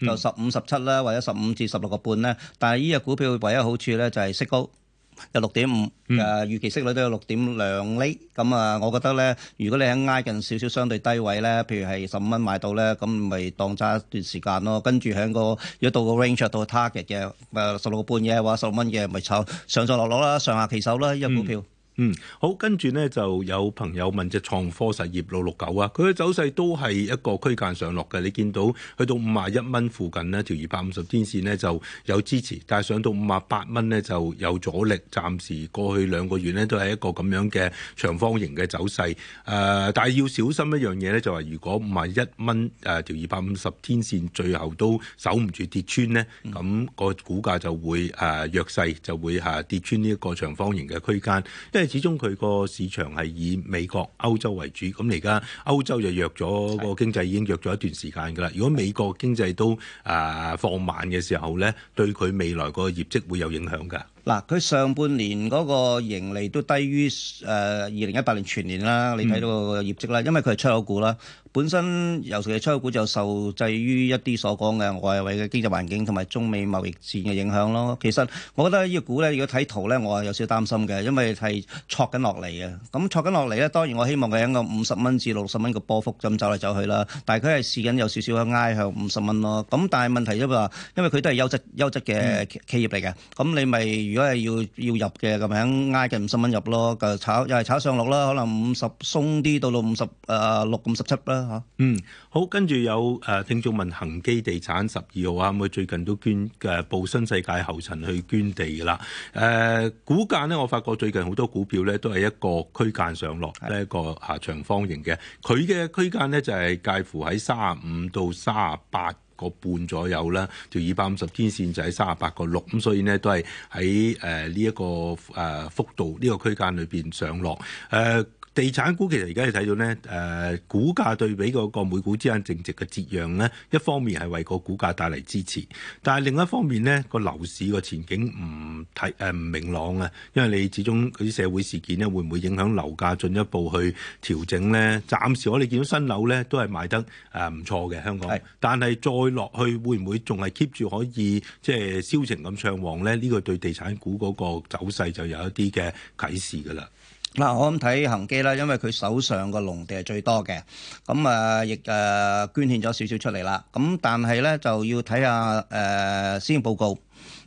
就十五十七啦，或者十五至十六個半呢。但係呢隻股票唯一好處呢，就係息高。有六點五，誒預期息率都有六點兩厘，咁、嗯、啊，我覺得咧，如果你喺挨近少少相對低位咧，譬如係十五蚊買到咧，咁咪當差一段時間咯。跟住喺個如果到個 range 到個 target 嘅，誒十六個半嘅話，十六蚊嘅咪炒上上落落啦，上下其手啦一隻股票。嗯，好，跟住呢就有朋友問隻創科實業六六九啊，佢嘅走勢都係一個區間上落嘅。你見到去到五啊一蚊附近呢，條二百五十天線呢就有支持，但係上到五啊八蚊呢就有阻力。暫時過去兩個月呢都係一個咁樣嘅長方形嘅走勢。誒、呃，但係要小心一樣嘢呢，就係如果五啊一蚊誒條二百五十天線最後都守唔住跌穿呢，咁、那個股價就會誒、呃、弱勢，就會誒跌穿呢一個長方形嘅區間，因為，始終佢個市場係以美國、歐洲為主，咁而家歐洲就弱咗，個是的 經濟已經弱咗一段時間㗎啦。如果美國經濟都誒、呃、放慢嘅時候呢，對佢未來個業績會有影響㗎。嗱，佢上半年嗰個盈利都低於誒二零一八年全年啦，你睇到個業績啦，嗯、因為佢係出口股啦。本身尤其是出口股就受制於一啲所講嘅外圍嘅經濟環境同埋中美貿易戰嘅影響咯。其實我覺得呢個股咧，如果睇圖呢，我係有少少擔心嘅，因為係挫緊落嚟嘅。咁挫緊落嚟咧，當然我希望佢喺個五十蚊至六十蚊嘅波幅咁走嚟走去啦。但係佢係試緊有少少挨向五十蚊咯。咁但係問題因為佢都係優質優質嘅企業嚟嘅，咁、嗯、你咪如果係要要入嘅咁樣挨緊五十蚊入咯。咁炒又係炒上落啦，可能五十鬆啲到到五十六五十七啦。57, 嗯，好，跟住有誒、呃、聽眾問恒基地產十二號啊，咁、嗯、佢最近都捐嘅步、呃、新世界後塵去捐地啦。誒、呃、股價咧，我發覺最近好多股票咧都係一個區間上落，呢的一個下長方形嘅。佢嘅區間咧就係、是、介乎喺三十五到三十八個半左右啦，條二百五十天線就喺三十八個六，咁所以呢，都係喺誒呢一個誒、呃、幅度呢、這個區間裏邊上落誒。呃地產股其實而家你睇到咧，誒股價對比嗰個每股之間淨值嘅折讓咧，一方面係為個股價帶嚟支持，但係另一方面咧，個樓市個前景唔睇誒唔明朗啊，因為你始終嗰啲社會事件咧會唔會影響樓價進一步去調整咧？暫時我哋見到新樓咧都係賣得誒唔錯嘅香港，是但係再落去會唔會仲係 keep 住可以即係銷情咁暢旺咧？呢個對地產股嗰個走勢就有一啲嘅啟示㗎啦。嗱，我咁睇恒基啦，因為佢手上個農地係最多嘅，咁啊亦誒捐獻咗少少出嚟啦，咁但係咧就要睇下誒、呃、先報告誒、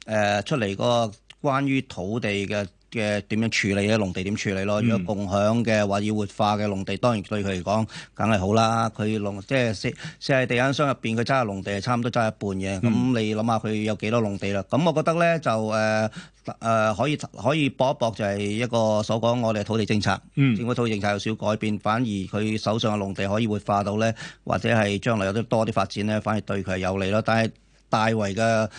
呃、出嚟個關於土地嘅。嘅點樣處理咧？農地點處理咯？嗯、如果共享嘅話，要活化嘅農地，當然對佢嚟講，梗係好啦。佢農即係四四地產商入邊，佢揸下農地係差唔多揸一半嘅。咁、嗯、你諗下，佢有幾多農地啦？咁我覺得咧，就誒誒、呃呃、可以可以搏一搏，就係一個所講我哋土地政策，嗯、政府土地政策有少少改變，反而佢手上嘅農地可以活化到咧，或者係將來有啲多啲發展咧，反而對佢係有利咯。但係大圍嘅。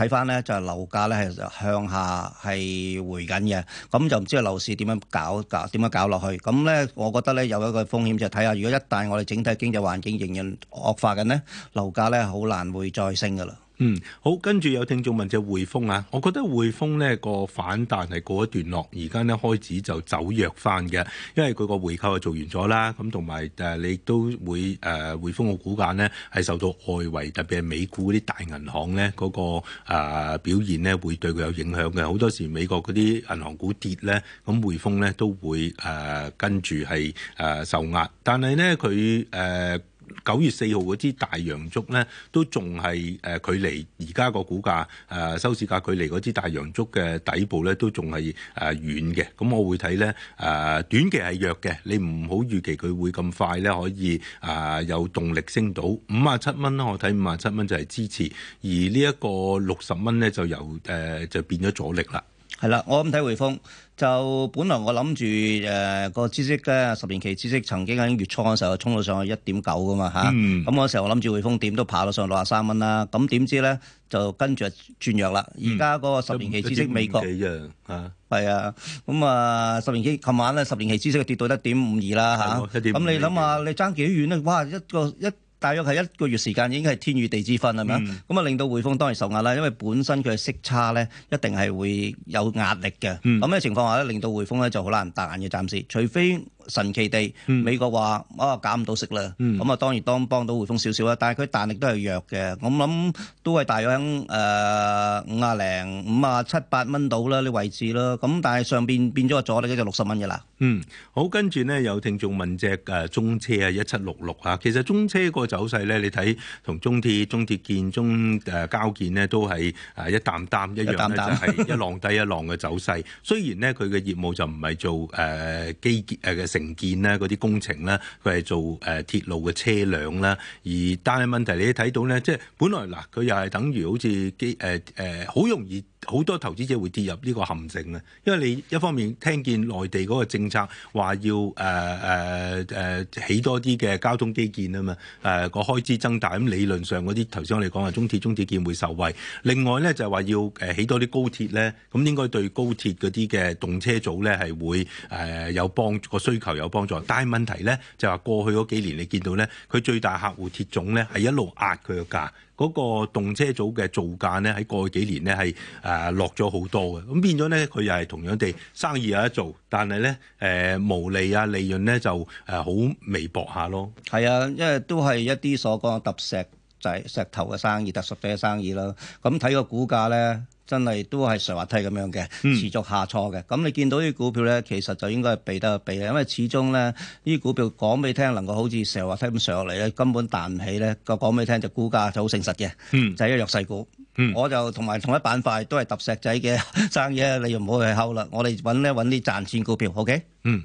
睇返咧就係樓價咧係向下係回緊嘅，咁就唔知個樓市點樣搞，點樣搞落去？咁咧，我覺得咧有一個風險就係睇下，如果一旦我哋整體經濟環境仍然惡化緊咧，樓價咧好難會再升㗎喇。嗯，好。跟住有聽眾問隻匯豐啊，我覺得匯豐呢個反彈係過一段落，而家呢開始就走弱翻嘅，因為佢個回購係做完咗啦，咁同埋誒你都會誒、呃、匯豐個股價呢，係受到外圍特別係美股嗰啲大銀行呢嗰、那個、呃、表現呢，會對佢有影響嘅。好多時美國嗰啲銀行股跌呢，咁匯豐呢都會誒、呃、跟住係誒受壓，但係呢，佢誒。呃九月四號嗰支大洋燭咧，都仲係誒距離而家個股價誒、呃、收市價距離嗰支大洋燭嘅底部咧，都仲係誒遠嘅。咁、呃、我會睇咧誒短期係弱嘅，你唔好預期佢會咁快咧可以誒、呃、有動力升到五啊七蚊。我睇五啊七蚊就係支持，而呢一個六十蚊咧就由誒、呃、就變咗阻力啦。係啦，我咁睇匯豐，就本來我諗住誒個知識咧，十年期知識曾經喺月初嗰時候衝到上去一點九噶嘛嚇，咁、啊嗯、我時候我諗住匯豐點都爬到上六十三蚊啦，咁、啊、點、啊嗯、知咧就跟住轉弱啦，而家嗰個十年期知識美國幾樣嚇，係、嗯嗯、啊，咁啊十年期，琴晚咧十年期知識跌到一點五二啦嚇，咁、啊、你諗下，你爭幾遠咧？哇，一個一個。一個一個大約係一個月時間，已經係天與地之分係咪啊？咁、嗯、令到匯豐當然受壓啦，因為本身佢嘅息差咧，一定係會有壓力嘅。咁嘅、嗯、情況下咧，令到匯豐就好難彈嘅，暫時，除非。神奇地，美國話啊減唔到息啦，咁啊當然當幫到匯豐少少啦，但係佢彈力都係弱嘅，我諗都係大約喺誒五啊零五啊七八蚊到啦啲位置咯，咁但係上邊變咗個阻力就六十蚊嘅啦。嗯，好，跟住呢，有聽眾問隻誒中車啊一七六六啊，其實中車個走勢咧，你睇同中鐵、中鐵建、中誒交建呢，都係誒一擔擔一樣咧，一浪低一浪嘅走勢。雖然呢，佢嘅業務就唔係做誒基建嘅建咧，嗰啲工程咧，佢係做誒鐵路嘅車輛啦。而但係問題你睇到咧，即係本來嗱，佢又係等於好似機誒誒好容易。好多投資者會跌入呢個陷阱咧，因為你一方面聽見內地嗰個政策話要誒誒誒起多啲嘅交通基建啊嘛，誒、呃、個開支增大，咁理論上嗰啲頭先我哋講話，中鐵、中鐵建會受惠。另外咧就係、是、話要誒起多啲高鐵咧，咁應該對高鐵嗰啲嘅動車組咧係會誒、呃、有幫個需求有幫助。但係問題咧就係、是、話過去嗰幾年你見到咧，佢最大客戶鐵總咧係一路壓佢個價。嗰個動車組嘅造價咧，喺過去幾年咧係誒落咗好多嘅，咁變咗咧佢又係同樣地生意有得做，但係咧誒毛利啊，利潤咧就誒好微薄下咯。係啊，因為都係一啲所講揼石仔、石頭嘅生意、揼石仔嘅生意啦。咁睇個股價咧。真係都係垂滑梯咁樣嘅，持續下挫嘅。咁、嗯、你見到啲股票咧，其實就應該係避得避啦，因為始終咧，呢啲股票講俾你聽能夠好似石滑梯咁上落嚟咧，根本彈唔起咧。個講俾你聽就股價就好誠實嘅，就係一弱勢股。嗯、我就同埋同一板塊都係揼石仔嘅生意，你又唔好去睺啦。我哋揾咧揾啲賺錢股票，OK？嗯。